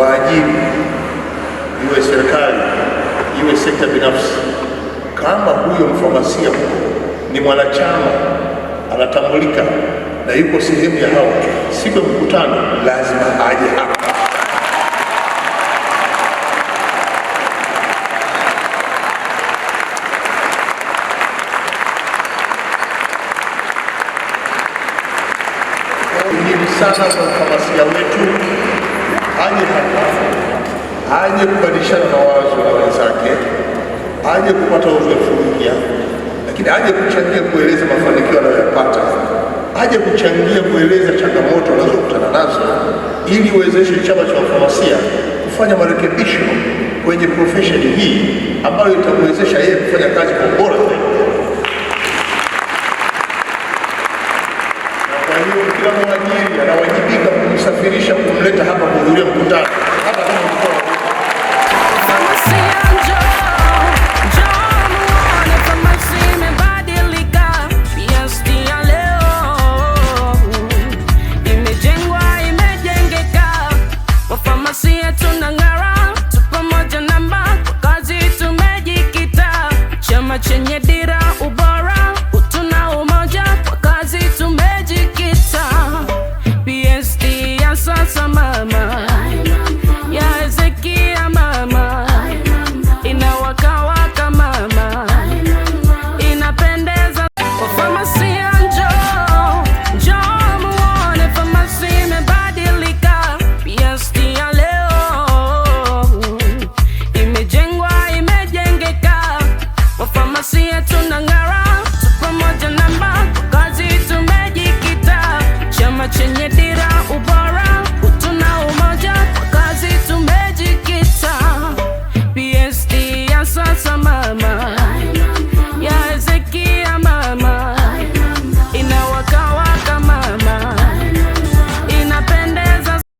waajiri, iwe serikali, iwe sekta binafsi, kama huyo mfamasia ni mwanachama anatambulika na yuko sehemu ya hao, siku ya mkutano lazima aje hapa. muhimu sana kwa mfamasia wetu aje aje kubadilishana mawazo na wenzake, aje kupata uzoefu mpya, lakini aje kuchangia kueleza mafanikio anayoyapata, aje kuchangia kueleza changamoto anazokutana nazo, ili uwezeshe chama cha wafamasia kufanya marekebisho kwenye profesheni hii ambayo itamwezesha yeye kufanya kazi kwa ubora zaidi. Na kwa hiyo kila mwajiri anawajibika kumsafirisha, kumleta hapa kuhudhuria mkutano. sote tunang'ara, tupo moja namba, kazi tumejikitaa, chama chenye